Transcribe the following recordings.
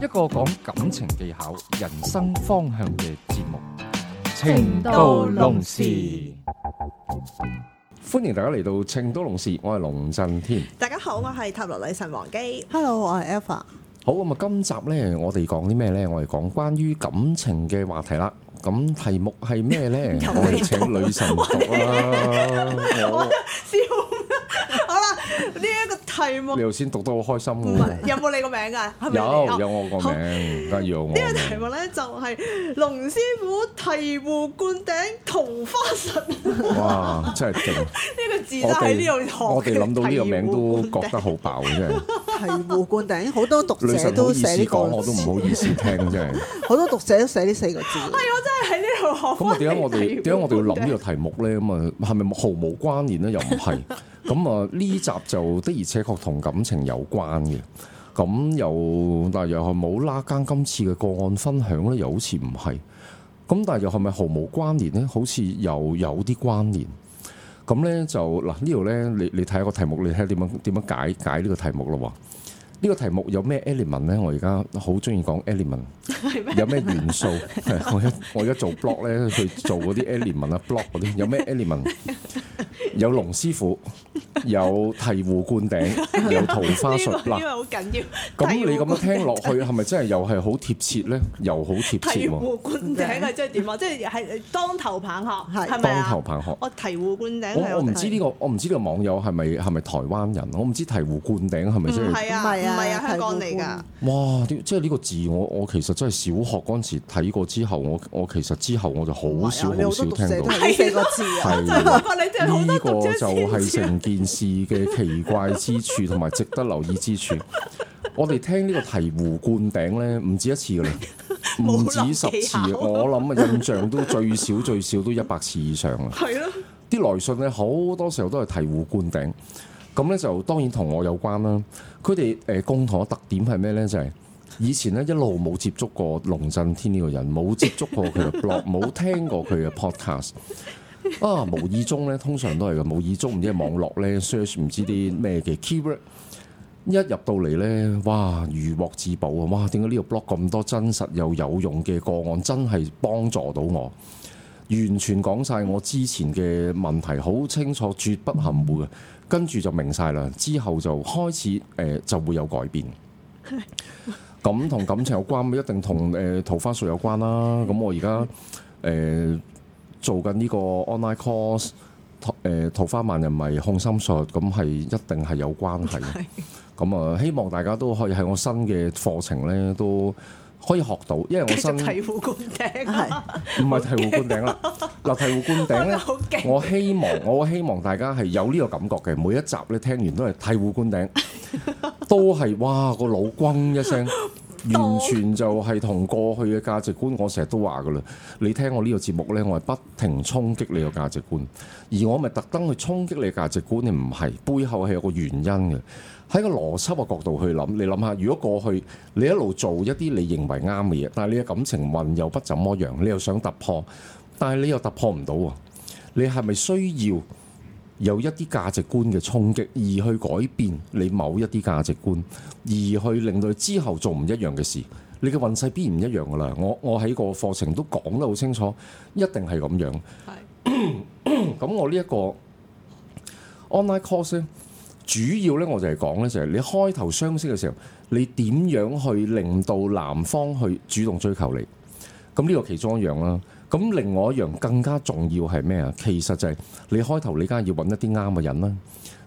一個講感情技巧、人生方向嘅節目《情到濃時》，歡迎大家嚟到《情到濃時》，我係龍震天。大家好，我係塔羅女神王姬。Hello，我係 Elva。好，咁啊，今集咧，我哋講啲咩咧？我哋講關於感情嘅話題啦。咁題目係咩咧？我哋請女神講啦。呢一個題目，你頭先讀得好開心喎！有冇你個名㗎？有有我個名，阿我。呢個題目咧就係龍師傅醍醐灌頂桃花術。哇！真係勁，呢個字真係呢度。我哋諗到呢個名都覺得好爆嘅，真係。醍醐灌頂好多讀者都寫呢個字，你講我都唔好意思聽，真係。好多讀者都寫呢四個字。係我真係喺呢度學。咁點解我哋點解我哋要諗呢個題目咧？咁啊，係咪毫無關聯咧？又唔係？咁啊，呢、嗯、集就的而且確同感情有關嘅。咁又，但又係冇拉更今次嘅個案分享咧，又好似唔係。咁但係又係咪毫無關聯呢？好似又有啲關聯。咁、嗯、呢就嗱呢度呢，你你睇一個題目，你睇下點樣點樣解解呢個題目咯？呢、這個題目有咩 element 呢？我而家好中意講 element。有咩元素？我一我而家做 blog 咧，去做嗰啲 element 啊，blog 嗰啲有咩 element？有龍師傅，有醍醐灌頂，有桃花術。因為好緊要。咁你咁樣聽落去，係咪真係又係好貼切咧？又好貼切喎！醍醐灌頂係即係點啊？即係係當頭棒喝，係咪當頭棒喝。我醍醐灌頂。我我唔知呢個，我唔知呢個網友係咪係咪台灣人？我唔知醍醐灌頂係咪真係？唔係啊，唔係啊，香港嚟噶。哇！即係呢個字，我我其實。即係小學嗰陣時睇過之後，我我其實之後我就好少好、哎、呀少聽到。呢個就係成件事嘅奇怪之處同埋值得留意之處。 我哋聽呢個醍醐灌頂呢，唔止一次嘅啦，唔止十次，我諗印象都最少最少都一百次以上啦。啲的來信咧，好多時候都係醍醐灌頂。咁呢，就當然同我有關啦。佢哋誒共同嘅特點係咩呢？就係。以前呢一路冇接觸過龍震天呢個人，冇接觸過佢嘅 blog，冇聽過佢嘅 podcast。啊，無意中呢，通常都係嘅無意中，唔知係網絡呢 search 唔知啲咩嘅 keyword。一入到嚟呢，哇！如獲至寶啊！哇！點解呢個 blog 咁多真實又有用嘅個案，真係幫助到我？完全講晒我之前嘅問題，好清楚，絕不含糊嘅。跟住就明晒啦，之後就開始誒、呃、就會有改變。 咁同 感情有關，咪一定同誒、呃、桃花術有關啦。咁我而家誒做緊呢個 online course，誒桃、呃、桃花萬人迷控心術，咁係一定係有關係。咁啊、 呃，希望大家都可以喺我新嘅課程咧都，可以學到，因為我身醍醐灌頂，唔係醍醐灌頂啦。嗱， 醍醐灌頂咧，我希望我希望大家係有呢個感覺嘅。每一集咧聽完都係醍醐灌頂，都係哇、個腦轟一聲， 完全就係同過去嘅價值觀。我成日都話噶啦，你聽我呢個節目咧，我係不停衝擊你個價值觀，而我咪特登去衝擊你價值觀，你唔係背後係有個原因嘅。喺個邏輯嘅角度去諗，你諗下，如果過去你一路做一啲你認為啱嘅嘢，但係你嘅感情運又不怎麼樣，你又想突破，但係你又突破唔到，你係咪需要有一啲價值觀嘅衝擊，而去改變你某一啲價值觀，而去令到你之後做唔一樣嘅事，你嘅運勢必然唔一樣噶啦。我我喺個課程都講得好清楚，一定係咁樣。咁是 我呢一個 online course 主要呢，我就係講呢，就係你開頭相識嘅時候，你點樣去令到男方去主動追求你？咁呢個其中一樣啦。咁另外一樣更加重要係咩啊？其實就係你開頭，你梗係要揾一啲啱嘅人啦。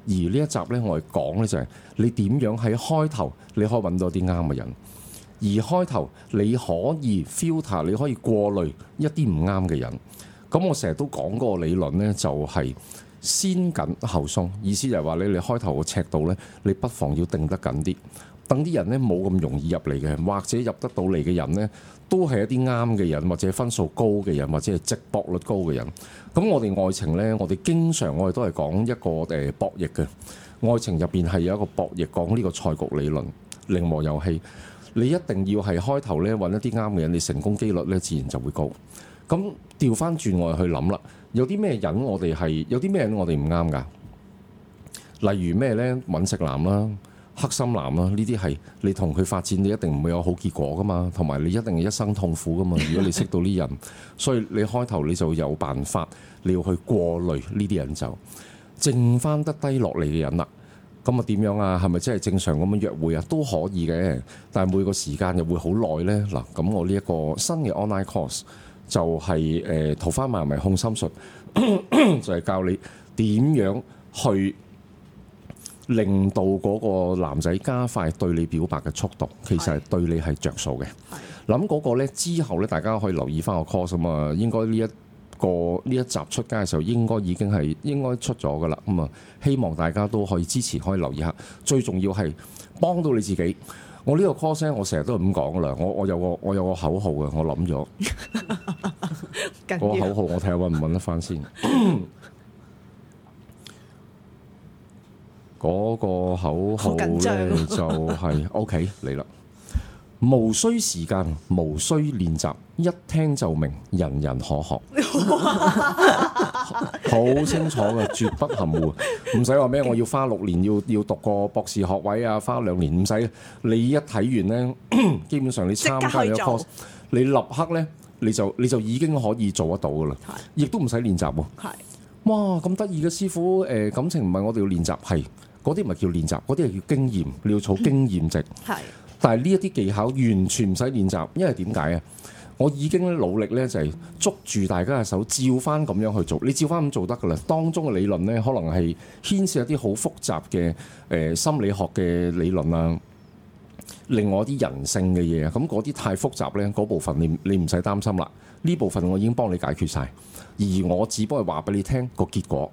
而呢一集呢，我係講呢，就係你點樣喺開頭你可以揾到啲啱嘅人，而開頭你可以 filter，你可以過濾一啲唔啱嘅人。咁我成日都講嗰個理論呢，就係、是。先緊後鬆，意思就係話你嚟開頭個尺度呢，你不妨要定得緊啲，等啲人呢冇咁容易入嚟嘅，或者入得到嚟嘅人呢，都係一啲啱嘅人，或者分數高嘅人，或者係直博率高嘅人。咁我哋愛情呢，我哋經常我哋都係講一個誒博弈嘅，愛情入邊係有一個博弈，講呢個賽局理論、零和遊戲。你一定要係開頭呢揾一啲啱嘅人，你成功機率呢自然就會高。咁調翻轉我去諗啦。有啲咩人我哋係有啲咩人我哋唔啱噶？例如咩呢？揾食男啦、黑心男啦，呢啲係你同佢發展你一定唔會有好結果噶嘛，同埋你一定一生痛苦噶嘛。如果你識到呢人， 所以你開頭你就有辦法你要去過濾呢啲人，剩人就剩返得低落嚟嘅人啦。咁啊點樣啊？係咪真係正常咁樣約會啊都可以嘅，但係每個時間又會好耐呢。嗱。咁我呢一個新嘅 online course。就係、是、誒、呃、桃花麻迷控心術， 就係、是、教你點樣去令到嗰個男仔加快對你表白嘅速度，其實係對你係着數嘅。諗嗰的個呢之後呢，大家可以留意翻個 course 咁啊。應該呢一個呢一集出街嘅時候，應該已經係應該出咗㗎喇。咁啊，希望大家都可以支持，可以留意下。最重要係幫到你自己。我呢個 call 聲我，我成日都係咁講啦。我我有個我有個口號嘅，我諗咗。 更有 個口號我睇下揾唔揾得返先。嗰 個口號呢緊 就係、是、OK 嚟啦。無需時間，無需練習，一聽就明，人人可學，好 清楚嘅，絕不含糊。唔使話咩，我要花六年要要讀個博士學位啊，花兩年唔使。你一睇完呢，咳咳基本上你參加咗 course，刻做你立刻呢，你就你就已經可以做得到噶啦，亦都唔使練習喎。係哇的，咁得意嘅師傅，誒，感情唔係我哋要練習，係嗰啲唔係叫練習，嗰啲係叫經驗，你要儲經驗值。係、嗯。但係呢一啲技巧完全唔使練習，因為點解啊？我已經努力呢，就係捉住大家嘅手，照翻咁樣去做。你照翻咁做得㗎啦。當中嘅理論呢，可能係牽涉一啲好複雜嘅誒心理學嘅理論啊，另外啲人性嘅嘢啊。咁嗰啲太複雜呢，嗰部分你你唔使擔心啦。呢部分我已經幫你解決晒，而我只不過話俾你聽個結果。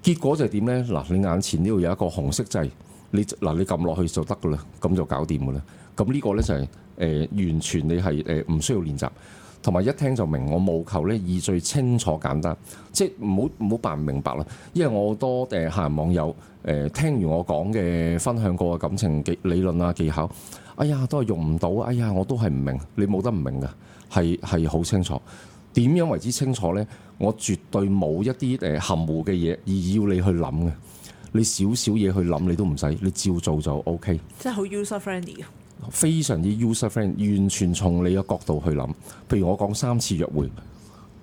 結果就係點呢？嗱，你眼前呢度有一個紅色掣。你嗱你撳落去就得噶啦，咁就搞掂噶啦。咁呢個呢、就是，就係誒完全你係誒唔需要練習，同埋一聽就明。我務求呢，以最清楚簡單，即係唔好唔好扮唔明白啦。因為我好多誒客人網友誒、呃、聽完我講嘅分享過嘅感情理論啊技巧，哎呀都係用唔到，哎呀我都係唔明。你冇得唔明嘅，係係好清楚。點樣為之清楚呢？我絕對冇一啲誒、呃、含糊嘅嘢而要你去諗嘅。你少少嘢去諗，你都唔使，你照做就 OK。真係好 user friendly，非常之 user friendly，完全從你嘅角度去諗。譬如我講三次約會。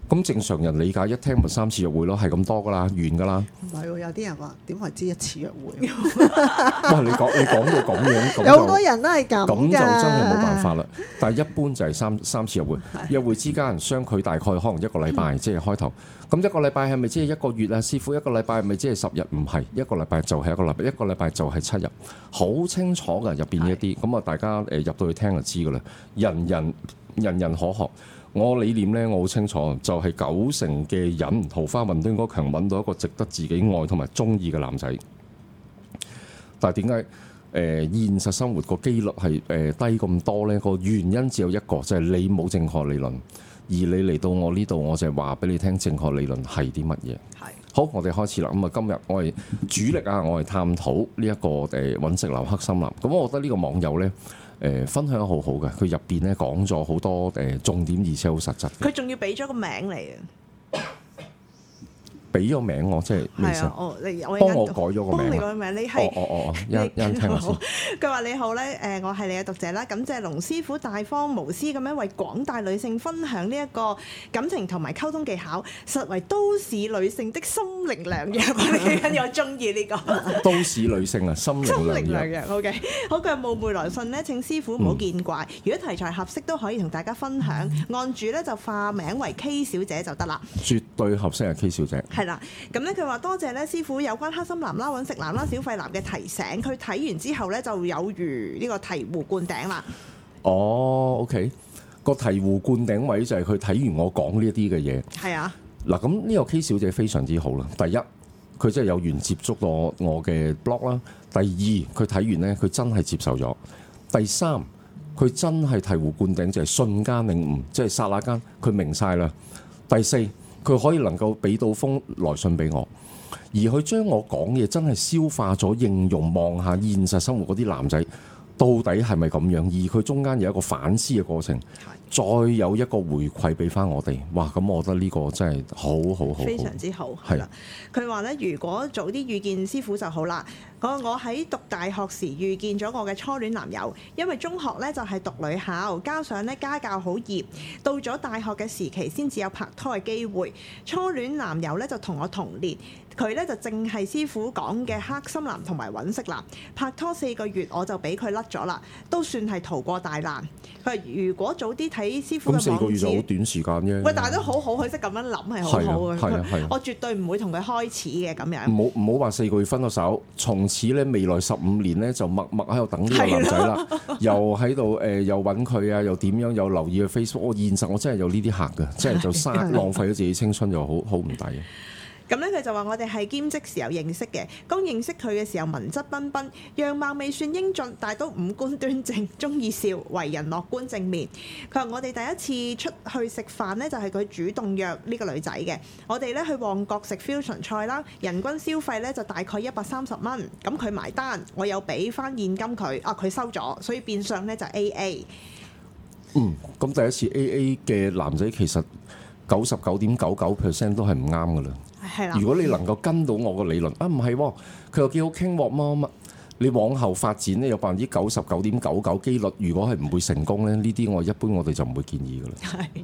咁正常人理解，一聽咪三次約會咯，係咁多噶啦，完噶啦。唔係，有啲人話點為之一次約會？唔係你講，你講到咁樣，有好多人都係咁噶。咁就真係冇辦法啦。但係一般就係三三次約會，約會之間相距大概可能一個禮拜，即係開頭。咁一個禮拜係咪即係一個月啊？師傅，一個禮拜係咪即係十日？唔係，一個禮拜就係一個禮拜，一個禮拜就係七日，好清楚噶，入面一啲。咁啊，大家誒入到去聽就知噶啦，人人人人可學。我理念呢，我好清楚，就係、是、九成嘅人桃花運都應該強揾到一個值得自己愛同埋鍾意嘅男仔。但係點解誒現實生活個機率係誒、呃、低咁多呢？個原因只有一個，就係、是、你冇正確理論。而你嚟到我呢度，我就係話俾你聽正確理論係啲乜嘢。係的好，我哋開始啦。咁啊，今日我係主力啊，我係探討呢、這、一個誒揾食留黑森林。咁我覺得呢個網友呢。誒、呃、分享好好嘅，佢入邊咧講咗好多誒、呃、重點，而且好實質，佢仲要俾咗個名嚟 啊！俾咗個名我，即係，唔想我你我幫我改咗個名你改名，你係哦哦哦，欣欣聽下先，佢話你好咧，誒我係你嘅讀者啦，感謝龍師傅大方無私咁樣為廣大女性分享呢一個感情同埋溝通技巧，實為都市女性的心。心靈兩樣，我哋個人我中意呢個都市女性啊，心靈兩樣。好嘅，好嘅，霧回來信呢。請師傅唔好見怪。如果題材合適，都可以同大家分享。案主呢就化名為 K 小姐就得啦。絕對合適啊，K 小姐。係啦、啊，咁呢，佢話多謝呢。師傅有關黑心男啦、揾食男啦、小費男嘅提醒。佢睇完之後呢，就有如呢個醍醐灌頂啦。哦、oh,，OK，個醍醐灌頂位就係佢睇完我講呢一啲嘅嘢。係啊。嗱，咁呢個 K 小姐非常之好啦。第一，佢真係有緣接觸到我嘅 blog 啦。第二，佢睇完呢，佢真係接受咗。第三，佢真係醍醐灌頂，就係瞬間領悟，即係剎那間佢明晒啦。第四，佢可以能夠俾到封來信俾我，而佢將我講嘢真係消化咗、應用，望下現實生活嗰啲男仔到底係咪咁樣，而佢中間有一個反思嘅過程。再有一個回饋俾翻我哋，哇！咁我覺得呢個真係好好好，非常之好。係啦，佢話咧，如果早啲遇見師傅就好啦。我喺讀大學時遇見咗我嘅初戀男友，因為中學呢就係讀女校，加上呢家教好嚴，到咗大學嘅時期先至有拍拖嘅機會。初戀男友呢就同我同年，佢呢就正係師傅講嘅黑心男同埋揾色男。拍拖四個月我就俾佢甩咗啦，都算係逃過大難。佢話如果早啲咁四個月就好短時間啫，喂，大家都好好，佢識咁樣諗係好好嘅。我絕對唔會同佢開始嘅咁樣。唔好唔好話四個月分咗手，從此咧未來十五年咧就默默喺度等呢個男仔啦是的、呃，又喺度誒又揾佢啊，又點樣又留意佢 Facebook。我現實我真係有呢啲客嘅，真係就嘥浪費咗自己青春又好好唔抵。的的 咁咧，佢就話我哋係兼職時候認識嘅。剛認識佢嘅時候，文質彬彬，樣貌未算英俊，但係都五官端正，中意笑，為人樂觀正面。佢話我哋第一次出去食飯呢，就係佢主動約呢個女仔嘅。我哋呢，去旺角食 fusion 菜啦，人均消費呢，就大概一百三十蚊。咁佢埋單，我有俾翻現金佢，啊佢收咗，所以變相呢，就 A A。嗯，咁第一次 A A 嘅男仔其實九十九點九九 percent 都係唔啱㗎啦。如果你能夠跟到我個理論的啊，唔係喎，佢又幾好傾喎，乜乜乜，你往後發展咧，有百分之九十九點九九機率。如果係唔會成功咧，呢啲我一般我哋就唔會建議嘅啦。係。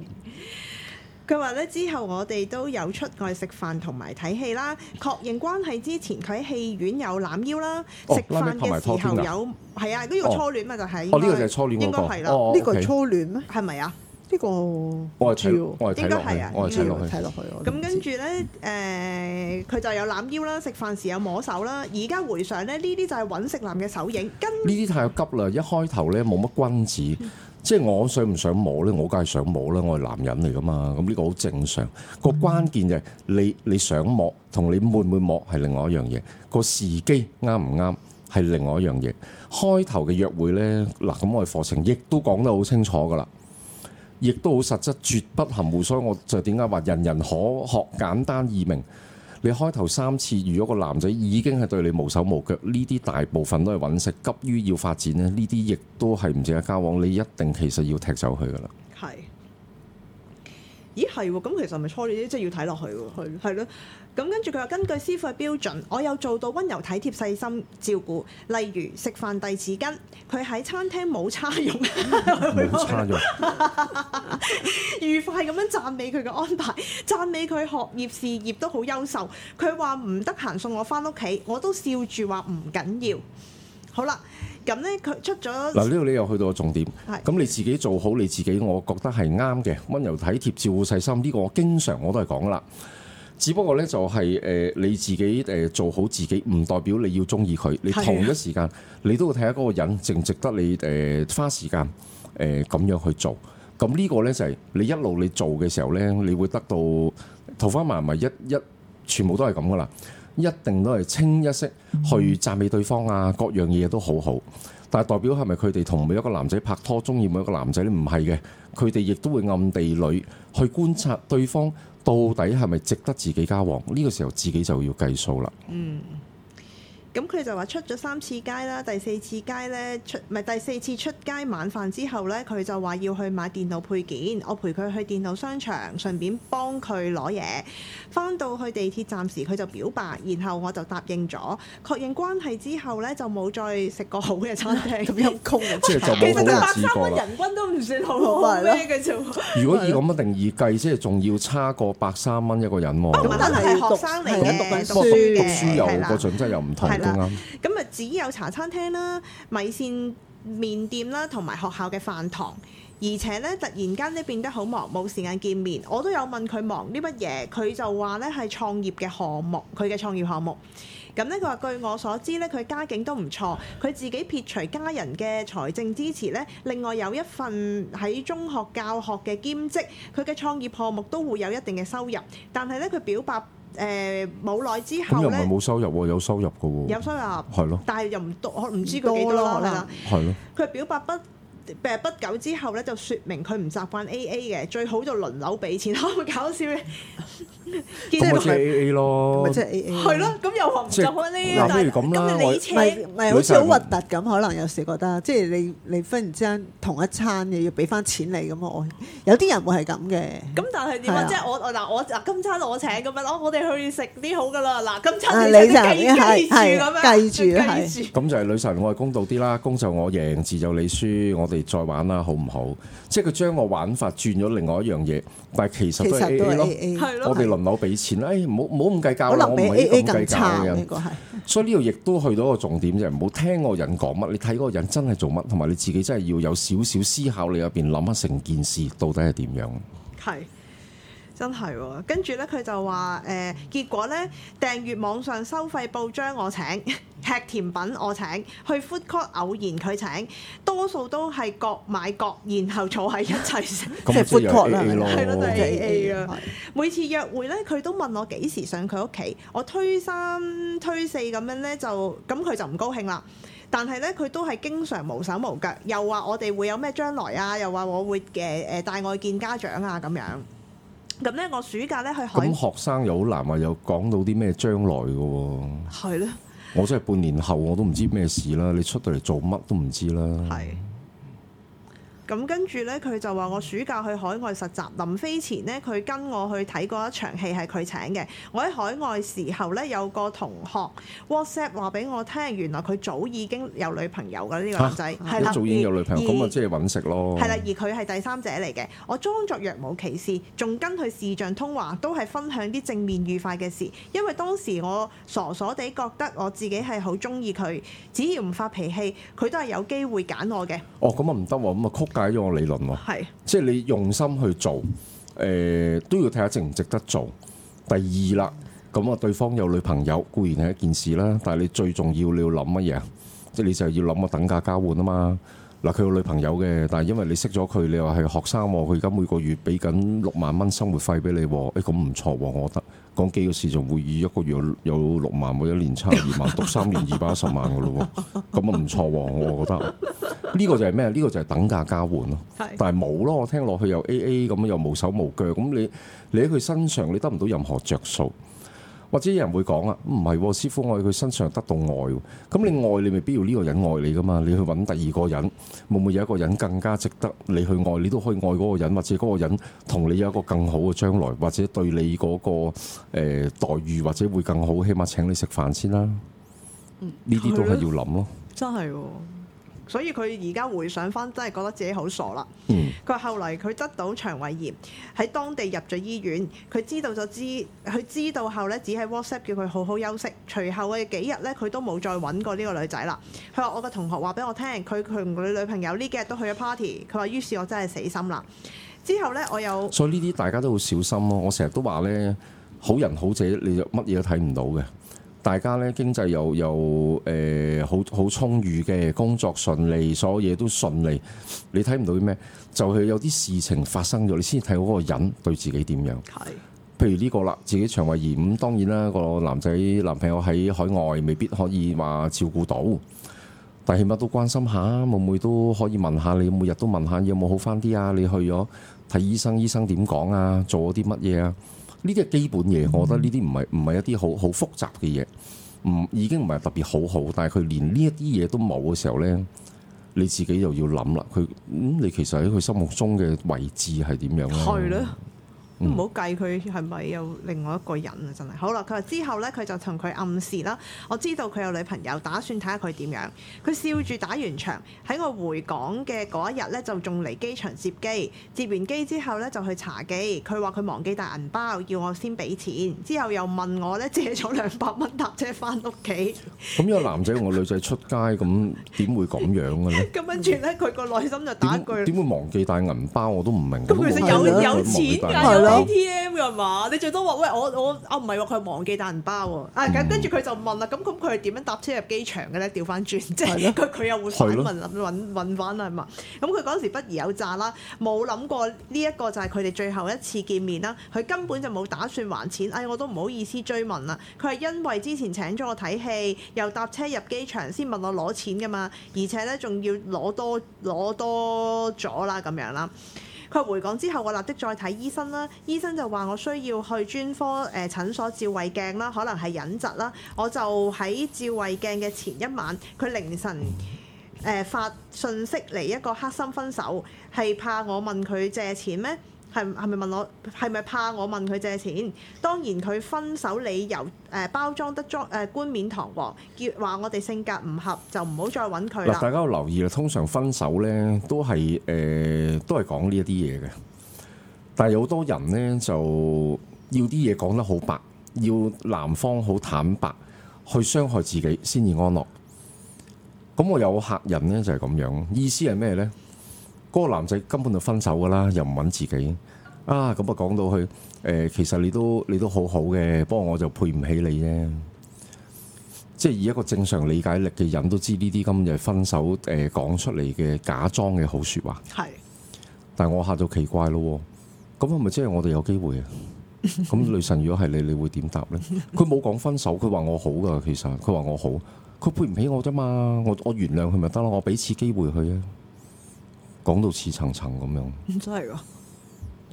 佢話咧，之後，我哋都有出外食飯同埋睇戲啦。確認關係之前，佢喺戲院有攬腰啦，食、哦、飯嘅時候有，係啊，嗰、呢個初戀咪就係、係。我呢、哦哦呢個係初戀，應該係啦，呢個係初戀咩？係咪啊？呢個我係睇，應該係啊，我係睇落去睇落去。咁跟住咧，誒、呃、佢就有攬腰啦，食飯時有摸手啦。而家回想咧，呢啲就係揾食男嘅手影。跟呢啲太急啦！一開頭咧冇乜君子，嗯、即係我想唔想摸咧，我梗係想摸啦，我係男人嚟噶嘛。咁呢個好正常。個、嗯、關鍵就係你你想摸同你會唔會摸係另外一樣嘢。個時機啱唔啱係另外一樣嘢。開頭嘅約會咧嗱，咁我哋課程亦都講得好清楚噶啦。亦都好實質，絕不含糊，所以我就點解話人人可學簡單易明。你開頭三次如果個男仔已經係對你無手無腳，呢啲大部分都係揾食，急於要發展咧，呢啲亦都係唔值得交往。你一定其實要踢走佢噶啦。係。咦係喎，咁其實咪錯咗啲，即係要睇落去喎，係係咯。咁、嗯、跟住佢話根據師傅嘅標準，我有做到温柔體貼細心照顧，例如食飯遞紙巾，佢喺餐廳冇叉用， 叉 愉快咁樣讚美佢嘅安排，讚美佢學業事業都好優秀。佢話唔得閒送我翻屋企，我都笑住話唔緊要。好啦。咁咧，佢出咗。嗱，呢度，你又去到個重點。係咁，你自己做好你自己，我覺得係啱嘅，温柔體貼、照顧細心呢個，我經常我都係講㗎啦。只不過咧，就係誒你自己誒做好自己，唔代表你要中意佢。你同一時間，你都要睇下嗰個人值唔值得你誒花時間誒咁樣去做。咁呢個咧就係你一路你做嘅時候咧，你會得到桃花麻麻一一全部都係咁噶啦。一定都係清一色去讚美對方啊，各樣嘢都好好，但係代表係咪佢哋同每一個男仔拍拖鍾意每一個男仔呢？唔係嘅，佢哋亦都會暗地裏去觀察對方到底係咪值得自己交往？呢個時候自己就要計數啦。嗯。咁佢就話出咗三次街啦，第四次街呢，出唔係第四次出街晚飯之後呢，佢就話要去買電腦配件，我陪佢去電腦商場，順便幫佢攞嘢。翻到去地鐵站時，佢就表白，然後我就答應咗，確認關係之後呢，就冇再食過好嘅餐廳咁陰功嘅， 即係就冇好食過啦。人均都唔算好咯，如果以咁嘅定義計，即係仲要差過百三蚊一個人喎。不唔係，真係學生嚟嘅，讀緊書，讀書又個準則又唔同。咁啊，嗯、只有茶餐廳啦、米線麵店啦，同埋學校嘅飯堂。而且咧，突然間咧變得好忙，冇時間見面。我都有問佢忙啲乜嘢，佢就話咧係創業嘅項目，佢嘅創業項目。咁呢，佢話據我所知咧，佢家境都唔錯，佢自己撇除家人嘅財政支持咧，另外有一份喺中學教學嘅兼職，佢嘅創業項目都會有一定嘅收入。但係咧，佢表白。誒冇耐之後咧，又唔係冇收入喎，有收入嘅喎，有收入，係咯的，但係又唔多，唔知佢幾多啦，係咯，佢能的表白不？但係不久之後咧，就説明佢唔習慣 A A 嘅，最好就輪流俾錢。好唔搞笑嘅，都算 A A 咯，咪即係 A A 係咯，咁又唔咁啊？呢但係咁你請咪咪好似好核突咁，可能有時覺得即係你你忽然之間同一餐你要俾翻錢你咁啊？我有啲人會係咁嘅。咁但係點啊？即係我我嗱我嗱今餐我請咁樣，我我哋去食啲好噶啦。嗱今餐你係住咁樣啊，係咁就係女神，我係公道啲啦，公就我贏，字就你輸，我哋。你再玩啦，好唔好？即係佢將個玩法轉咗另外一樣嘢，但係其實都係 A A 咯。的我哋輪流俾錢，哎，唔好唔好咁計較，我唔可以咁計較嘅。這個、所以呢度亦都去到一個重點，就係唔好聽個人講乜，你睇嗰個人真係做乜，同埋你自己真係要有少少思考你面，你入邊諗下成件事到底係點樣。係。真係喎，跟住咧佢就話誒、呃，結果咧訂閱網上收費報章我請， 吃甜品我請，去 food court 偶然佢請，多數都係各買各，然後坐喺一齊食。 咁誒、嗯，有 A A，係咯，都 A A 啊，每次約會咧，佢都問我幾時上佢屋企，我推三推四咁樣咧，就咁佢就唔高興啦。但係咧，佢都係經常無手無腳，又話我哋會有咩將來啊，又話我會誒誒帶我去見家長啊咁樣。咁咧，我暑假咧去海。咁學生又好難啊，又講到啲咩將來嘅喎。係咯。我真係半年後我都唔知咩事啦，你出到嚟做乜都唔知啦。係。咁跟住呢，佢就話我暑假去海外實習。臨飛前呢，佢跟我去睇過一場戲，係佢請嘅。我喺海外時候呢，有個同學 WhatsApp 話俾我聽，原來佢早已經有女朋友㗎呢、啊、個男仔，係啦、啊。吧一早已經有女朋友，咁啊而即係揾食咯。係啦，而佢係第三者嚟嘅。我裝作若無其事，仲跟佢視像通話，都係分享啲正面愉快嘅事。因為當時我傻傻地覺得我自己係好中意佢，只要唔發脾氣，佢都係有機會揀我嘅。哦，咁啊唔得喎，咁啊曲。介於我理論喎，是即係你用心去做，誒、呃、都要睇下值唔值得做。第二啦，咁啊對方有女朋友固然係一件事啦，但係你最重要你要諗乜嘢啊？即係你就要諗個等價交換啊嘛。嗱佢有女朋友嘅，但係因為你識咗佢，你又係學生喎，佢而家每個月俾緊六萬蚊生活費俾你喎，哎咁唔錯喎、啊，我覺得講幾個市場會議一個月有六萬每一年差二萬，讀三年二百一十萬噶咯喎，咁 啊唔錯喎，我覺得呢、這個就係咩？呢、這個就係等價交換咯，但係冇咯，我聽落去又 A A 咁，又無手無腳，咁你你喺佢身上你得唔到任何着數。或者有人會講啊，唔、嗯、係師傅，我喺佢身上得到愛。咁你愛你，咪必要呢個人愛你噶嘛？你去揾第二個人，會唔會有一個人更加值得你去愛？你都可以愛嗰個人，或者嗰個人同你有一個更好嘅將來，或者對你嗰個待遇或者會更好，起碼請你食飯先啦。呢啲、嗯、都係要諗咯。真係、哦。所以佢而家回想翻，真係覺得自己好傻啦。佢話、嗯、後嚟佢得到腸胃炎，喺當地入咗醫院。佢知道咗知，佢知道後咧，只係 WhatsApp 叫佢好好休息。隨後嘅幾日咧，佢都冇再揾過呢個女仔啦。佢話我個同學話俾我聽，佢佢同佢女朋友呢幾日都去咗 party。佢話於是，我真係死心啦。之後咧，我有所以呢啲大家都好小心咯。我成日都話咧，好人好姐，你乜嘢都睇唔到嘅。大家咧，經濟又又誒好好充裕嘅，工作順利，所有嘢都順利。你睇唔到啲咩？就係有啲事情發生咗，你先睇到嗰個人對自己點樣。係，譬如呢個啦，自己腸胃炎咁，當然啦，個男仔男朋友喺海外，未必可以話照顧到，但係起碼都關心下，會唔會都可以問下你，每日都問下有冇好翻啲啊？你去咗睇醫生，醫生點講啊？做啲乜嘢啊？呢啲係基本嘢，我覺得呢啲唔係唔係一啲好好複雜嘅嘢，唔已經唔係特別好好，但係佢連呢一啲嘢都冇嘅時候呢，你自己又要諗啦。佢、嗯、你其實喺佢心目中嘅位置係點樣咧，啊？唔好計佢係咪有另外一個人啊！真係好啦，佢話之後呢，佢就同佢暗示啦。我知道佢有女朋友，打算睇下佢點樣。佢笑住打完場，喺我回港嘅嗰一日呢，就仲嚟機場接機。接完機之後呢，就去茶記。佢話佢忘記帶銀包，要我先俾錢。之後又問我 呢，借咗兩百蚊搭車翻屋企。咁有男仔同我女仔出街咁點會咁樣嘅呢？咁跟住呢，佢個內心就打一句。點會忘記帶銀包，我都唔明。咁佢其實有的有錢是的 ATM 嘅嘛，你最多話喂，我我我唔係喎，佢、啊啊、忘記帶銀包喎、啊。啊咁，跟住佢就問啦，咁咁佢點樣搭車入機場嘅咧？調翻轉即係佢佢又會反問揾揾翻啦，係嘛了？咁佢嗰時不疑有詐啦，冇諗過呢一個就係佢哋最後一次見面啦。佢根本就冇打算還錢。哎，我都唔好意思追問啦。佢係因為之前請咗我睇戲，又搭車入機場先問我攞錢嘅嘛，而且咧仲要攞多攞多咗啦咁樣啦。佢回港之後，我立即再睇醫生啦。醫生就話我需要去專科誒診所照胃鏡啦，可能係隱疾啦。我就喺照胃鏡嘅前一晚，佢凌晨誒發信息嚟一個黑心分手，係怕我問佢借錢咩？係，係咪問我係咪怕我問佢借錢？當然佢分手理由誒、呃、包裝得裝誒、呃、冠冕堂皇，叫話我哋性格唔合，就唔好再揾佢啦。大家要留意啦，通常分手呢都係誒、呃、都係講呢一啲嘢嘅，但係有好多人呢，就要啲嘢講得好白，要男方好坦白，去傷害自己先至安樂。咁我有客人呢，就係、是、咁樣，意思係咩呢？嗰個男仔根本就分手噶啦，又唔搵自己啊！咁啊，講到去誒、呃，其實你都你都好好嘅，不過我就配唔起你啫。即係以一個正常理解力嘅人都知呢啲今日分手誒講、呃、出嚟嘅假裝嘅好說話係，是但係我吓到奇怪咯，咁係咪即係我哋有機會啊？咁女神如果係你，你會點答呢？佢冇講分手，佢話我好噶，其實佢話我好，佢配唔起我啫嘛，我我原諒佢咪得咯，我俾次機會佢啊。講到似層層咁樣，真係㗎，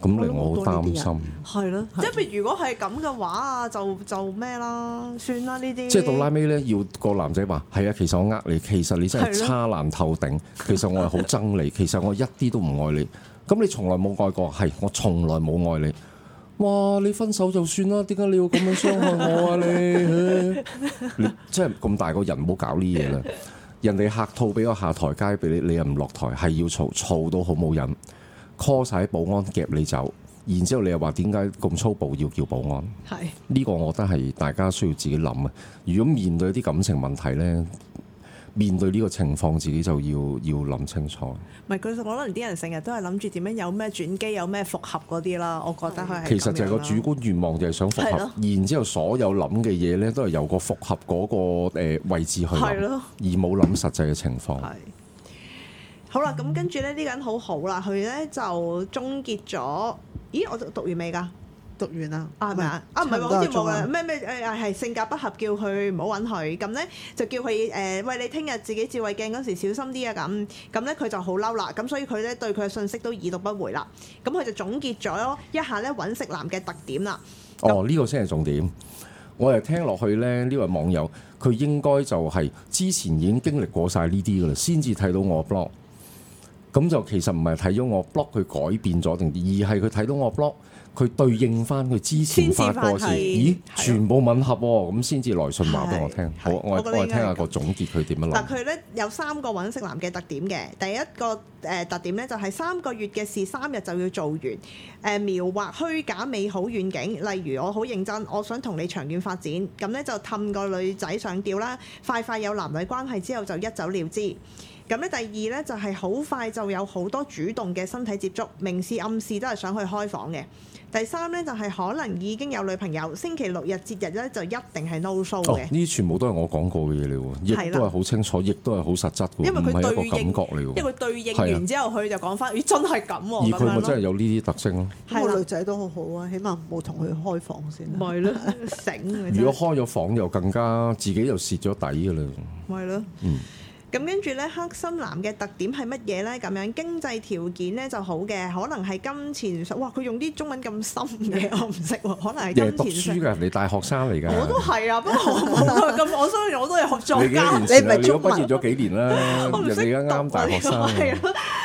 咁令我好擔心。係咯，即係如果係咁嘅話啊，就就咩啦，算啦呢啲。即係到拉尾咧，要個男仔話，係啊，其實我呃你，其實你真係差爛透頂，是的 其實我係好憎你，其實我一啲都唔愛你。咁你從來冇愛過，係我從來冇愛你。哇！你分手就算啦，點解你要咁樣傷害我啊你？ 你你真係咁大個人，唔好搞呢嘢啦。人哋客套俾我下台階俾你，你又唔落台，係要嘈嘈到好冇癮，call 晒保安夾你走，然之後你又話點解咁粗暴要叫保安？係呢是個，我覺得係大家需要自己諗啊！如果面對啲感情問題呢。面對呢個情況，自己就要要諗清楚。唔係佢，我可能啲人成日都係諗住點樣有咩轉機，有咩復合嗰啲啦。我覺得係其實就係個主觀願望，就係想復合。了然之後所有諗嘅嘢咧，都係由個復合嗰個誒位置去諗了而冇諗實際嘅情況。係好啦，咁跟住咧呢個人好好啦，佢咧就終結咗。咦，我讀完未㗎？讀完啦，啊係咪啊？啊唔係，好似冇啊！咩咩誒係性格不合，叫佢唔好揾佢。咁咧就叫佢誒，喂、呃、你聽日自己照鏡嗰時小心啲啊！咁咁咧佢就好嬲啦。咁所以佢咧對佢嘅信息都已讀不回啦。咁佢就總結咗一下咧揾色男嘅特點啦。哦，呢、呢個先係重點。我嚟聽落去咧，呢位網友佢應該就係之前已經經歷過晒呢啲噶啦，先至睇到我 block。咁就其實唔係睇咗我 block，佢改變咗定而係佢睇到我 block。佢對應翻佢之前發過事，咦，的全部吻合喎，哦，咁先至來信話俾我聽，聽那。好，我我聽下個總結佢點樣嗱，佢呢有三個揾色男嘅特點嘅，第一個誒特點呢，就係三個月嘅事，三日就要做完。誒描畫虛假美好遠景，例如我好認真，我想同你長遠發展，咁呢，就氹個女仔上吊啦，快快有男女關係之後就一走了之。咁咧，第二咧就係好快就有好多主動嘅身體接觸，明示暗示都係想去開房嘅。第三咧就係可能已經有女朋友，星期六日節日咧就一定係 no show 嘅。呢啲全部都係我講過嘅嘢嚟喎，亦都係好清楚，亦都係好實質。因為唔係一個感覺嚟嘅。因為對應完之後，佢就講翻，咦，真係咁？而佢咪真係有呢啲特色咯？個女仔都好好啊，起碼冇同佢開房先。咪咯，醒！如果開咗房又更加自己又蝕咗底㗎啦。咪咯，嗯。咁跟住咧，黑心男嘅特點係乜嘢咧？咁樣經濟條件咧就好嘅，可能係金錢。哇！佢用啲中文咁深嘅，我唔識喎。可能係金錢。人讀書㗎，你大學生嚟㗎。 我都係啊，不過我冇啊，咁我雖然我都係學作家，你唔係中文？你都畢業咗幾年啦， 我你而家啱大學生。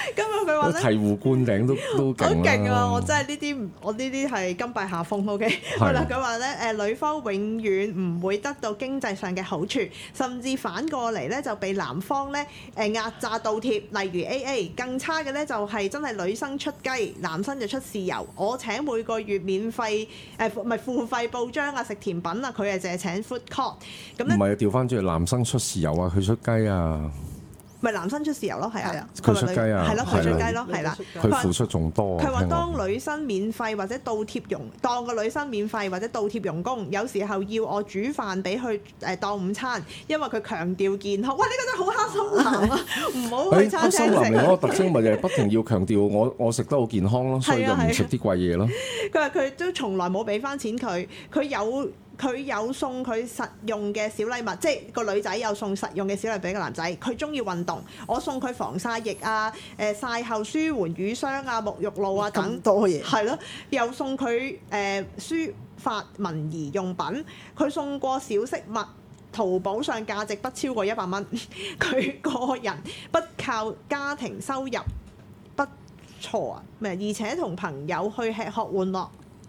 佢話咧醍醐灌頂都都好勁啊！我真係呢啲，我呢啲係甘拜下風。O.K. 係啦，佢話咧誒，女方永遠唔會得到經濟上嘅好處，甚至反過嚟咧就被男方咧誒壓榨倒貼，例如 A.A. 更差嘅咧就係真係女生出雞，男生就出豉油。我請每個月免費誒唔係付費報章啊，食甜品啊，佢係淨係請 food court。噉咧，唔係啊，調翻轉，男生出豉油啊，佢出雞啊！咪男生出豉油咯，係啊，佢做雞啊，係咯，佢出雞咯，係啦。佢付出仲多。佢話說當女生免費或者倒貼用，當個女生免費或者倒貼用工，有時候要我煮飯俾佢誒當午餐，因為佢強調健康。哇，呢個真係好黑心男啊！唔好 去餐廳食。黑心男另一個特徵咪就係不停要強調我我食得好健康咯，所以就唔食啲貴嘢咯。佢話佢都從來冇俾翻錢佢，佢有。佢有送佢實用嘅小禮物，即係個女仔有送實用嘅小禮俾個男仔。佢中意運動，我送佢防曬液啊、誒、呃、曬後舒緩乳霜啊、沐浴露啊等等，咁多嘢。係咯，又送佢誒、呃、書法文儀用品。佢送過小飾物，淘寶上價值不超過一百蚊。佢 個人不靠家庭收入，不錯啊，唔而且同朋友去吃喝玩樂。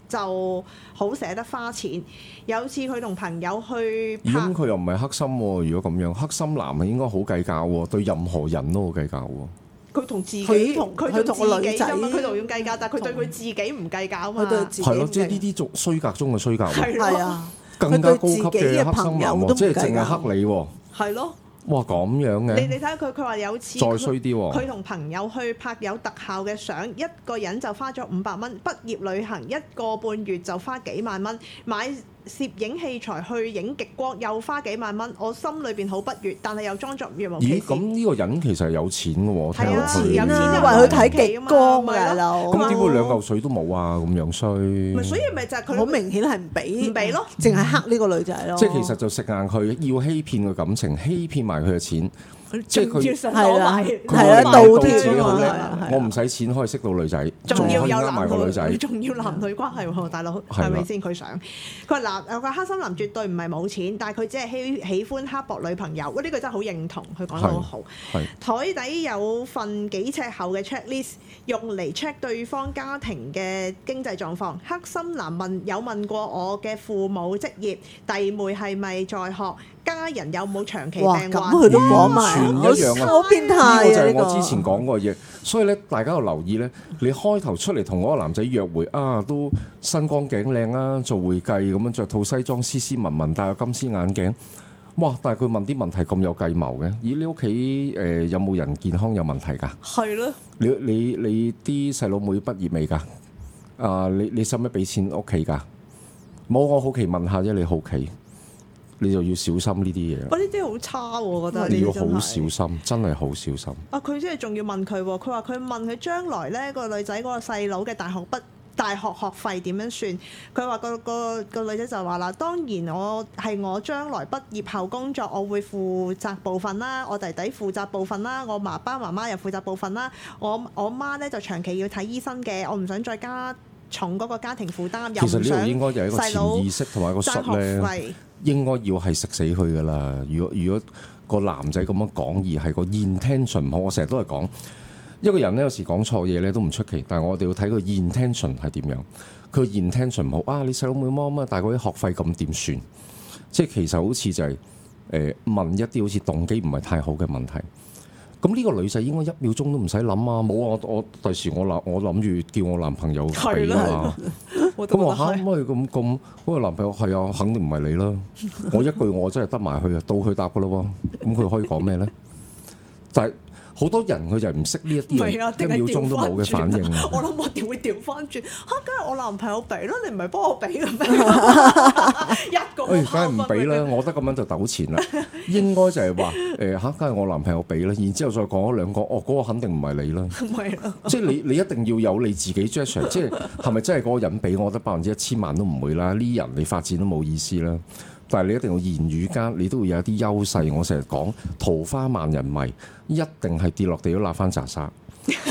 就好捨得花錢。有一次佢同朋友去，咁佢、欸嗯、又唔係黑心。如果咁樣，黑心男啊應該好計較，對任何人都好計較。佢同自己同佢同自己啊嘛，佢就要計較，但係佢對佢自己唔計較嘛。係咯，即係呢啲衰格中嘅衰格，係啊的，更加高級嘅黑心男喎，即係淨係黑你喎，係咯。哇，咁樣嘅！你你睇下佢，佢話有錢再衰啲喎，佢同朋友去拍有特效嘅相，一個人就花咗五百蚊，畢業旅行一個半月就花幾萬蚊買攝影器材去影極光又花幾萬蚊，我心裏邊好不悅，但係又裝作唔怨無其事，咦？咁呢個人其實係有錢嘅喎，睇落、啊、有錢因為就話佢睇極光，咪係、啊、咯。咁點會兩嚿水都冇啊？咁樣衰。所以咪就係佢好明顯係唔俾，唔俾咯，淨係黑呢個女仔咯。即係、嗯、其實就食硬佢，要欺騙佢感情，欺騙埋佢嘅錢。佢係佢係啦，係啦，倒貼啊！的我唔使錢可以識到女仔，仲要有男個女仔，仲要男女關係喎、啊，大佬係咪先？佢想佢話，佢吧吧黑心男絕對唔係冇錢，但係佢只係喜喜歡刻薄女朋友。喂，呢句真係好認同，佢講得好。台底有份幾尺厚嘅 check list，用嚟 check 對方家庭嘅經濟狀況。黑心男問有問過我嘅父母職業、弟妹係咪在學？家人有冇長期病患？完全一樣啊！好變態啊！呢個就係我之前講過嘢，所以咧大家要留意咧。你開頭出嚟同嗰個男仔約會啊，都身光頸靚啦，做會計咁樣著套西裝，斯斯文文，戴個金絲眼鏡。哇！但係佢問啲問題咁有計謀嘅。咦？你屋企誒有冇人健康有問題㗎？係咯。你你你啲細佬妹畢業未㗎？啊！你你使唔使俾錢屋企㗎？冇，我好奇問下啫，你好奇。你就要小心呢啲嘢。我呢啲好差喎，覺得呢啲真係。你要好小心，真係好小心。啊！佢即係仲要問佢，佢話佢問佢將來咧個女仔嗰個細佬嘅大學畢大學學費點樣算？佢話個個個女仔就話啦：當然我係我將來畢業後工作，我會負責部分啦，我弟弟負責部分啦，我爸爸媽媽又負責部分啦。我我媽咧就長期要睇醫生嘅，我唔想再加重嗰個家庭負擔。其實呢個不應該就係一個潛意識同埋個,術個識量。應該要係食死佢㗎啦！如果如果個男仔咁樣講而係個 intention 唔好，我成日都係講一個人咧，有時講錯嘢咧都唔出奇，但係我哋要睇個 intention 係點樣？佢 intention 唔好啊！你細佬妹媽咪大個啲學費咁點算？即係其實好似就係、是、誒、呃、問一啲好似動機唔係太好嘅問題。咁呢個女仔應該一秒鐘都唔使諗啊！冇啊我我第時我諗我諗住叫我男朋友係啊嘛！咁的說我嚇唔係咁咁，嗰、嗰個男朋友係啊，肯定唔係你啦！我一句我真係得埋去啊， 到佢答噶啦喎！咁佢可以講咩咧？但係、 就係。好多人佢就係唔識呢一啲，啊、一秒鐘都冇嘅反應反我諗我點會調翻轉？嚇、啊！梗係我男朋友俾啦，你唔係幫我俾嘅咩？ 一個，個，梗係唔俾啦！ 我覺得咁樣就糾纏啦。 應該就係話誒嚇，梗、欸、係、啊、我男朋友俾啦。然之後再講一兩個，哦，嗰、嗰個肯定唔係你啦，唔係啦。即係你你一定要有你自己 Jas，即係係咪真係嗰個人俾？我覺得百分之一千萬都唔會啦。呢人你發展都冇意思啦。.但係你一定要言語間，你都會有啲優勢。我成日講桃花萬人迷，一定係跌落地都揦翻紮沙。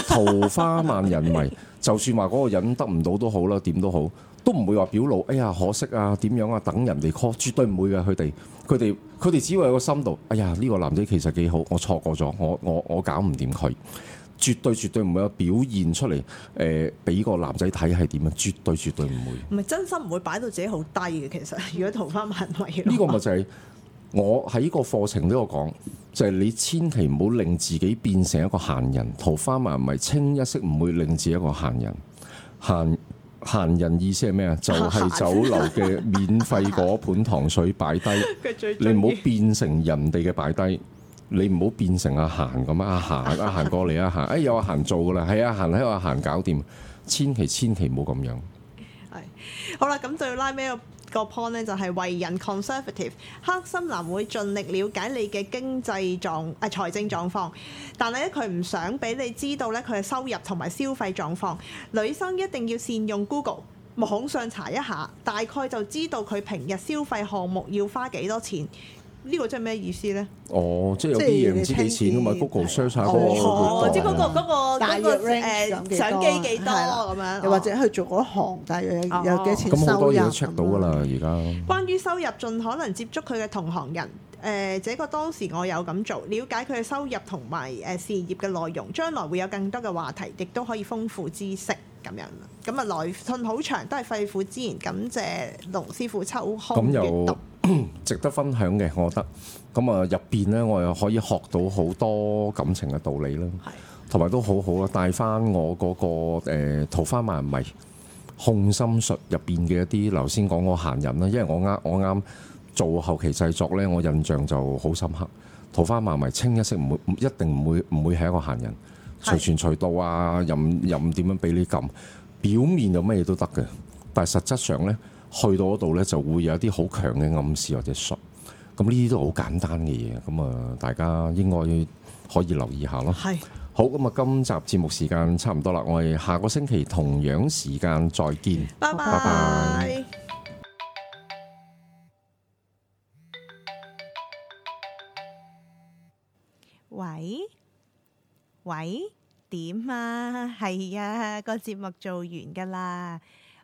桃花萬人迷， 就算話嗰個人得唔到都好啦，點都好，都唔會話表露。哎呀，可惜啊，點樣啊，等人哋 call，絕對唔會嘅。佢哋，佢哋，佢哋只會有個深度。哎呀，呢、呢個男仔其實幾好，我錯過咗，我我，我搞唔掂佢。絕對絕對唔會有表現出嚟，誒、呃、俾個男仔睇係點樣，絕對絕對唔會。唔係真心唔會擺到自己好低嘅，其實如果桃花迷咪。呢個咪就係我喺個課程都有講，就係、是、你千祈唔好令自己變成一個閒人。桃花迷咪清一色唔會令自己一個閒人。閒閒人意思係咩啊？就係、是、酒樓嘅免費嗰盤糖水擺低， 重你唔好變成人哋嘅擺低。你唔好變成阿行咁啊！行啊，行 過嚟啊，行！哎，有阿行做噶啦，係啊，行喺度行搞掂。千祈千祈唔好咁樣。係、 嗯。好啦，咁最後拉尾個 point 呢，就係為人 conservative，黑心男會盡力了解你嘅經濟狀啊財政狀況，但係咧佢唔想俾你知道咧佢嘅收入同埋消費狀況。女生一定要善用 Google，網上查一下，大概就知道佢平日消費項目要花幾多錢。呢個真係咩意思咧？哦，即係有啲嘢唔知幾錢噶嘛，Google s e a 即係嗰個嗰個嗰個誒相機幾多咁啊？又或者去做嗰行，大係有有幾錢收入？咁好多嘢 check 到噶啦，而家。關於收入，盡可能接觸佢嘅同行人。誒，這個當時我有咁做，了解佢嘅收入同埋誒事業嘅內容，將來會有更多嘅話題，亦都可以豐富知識咁樣。咁啊，來信好長，都係肺腑之言，感謝龍師傅抽空閲讀。值得分享嘅，我覺得咁啊，入邊呢，我又可以學到好多感情嘅道理啦，同埋的都好好啊，帶翻我嗰個、那個、呃、《桃花萬迷控心術》入邊嘅一啲，頭先講個閒人啦，因為我啱我啱做後期製作呢，我印象就好深刻，《桃花萬迷，清一色唔會一定唔會唔會係一個閒人，隨傳隨到啊，任任點樣俾你撳，表面有乜嘢都得嘅，但係實質上呢。去到嗰度呢，就會有一啲好強嘅暗示或者術，咁呢啲都好簡單嘅嘢，咁啊大家應該可以留意下咯。係是，好咁啊！今集節目時間差唔多啦，我哋下個星期同樣時間再見。拜拜。喂拜喂，點啊？係啊，個節目做完㗎啦。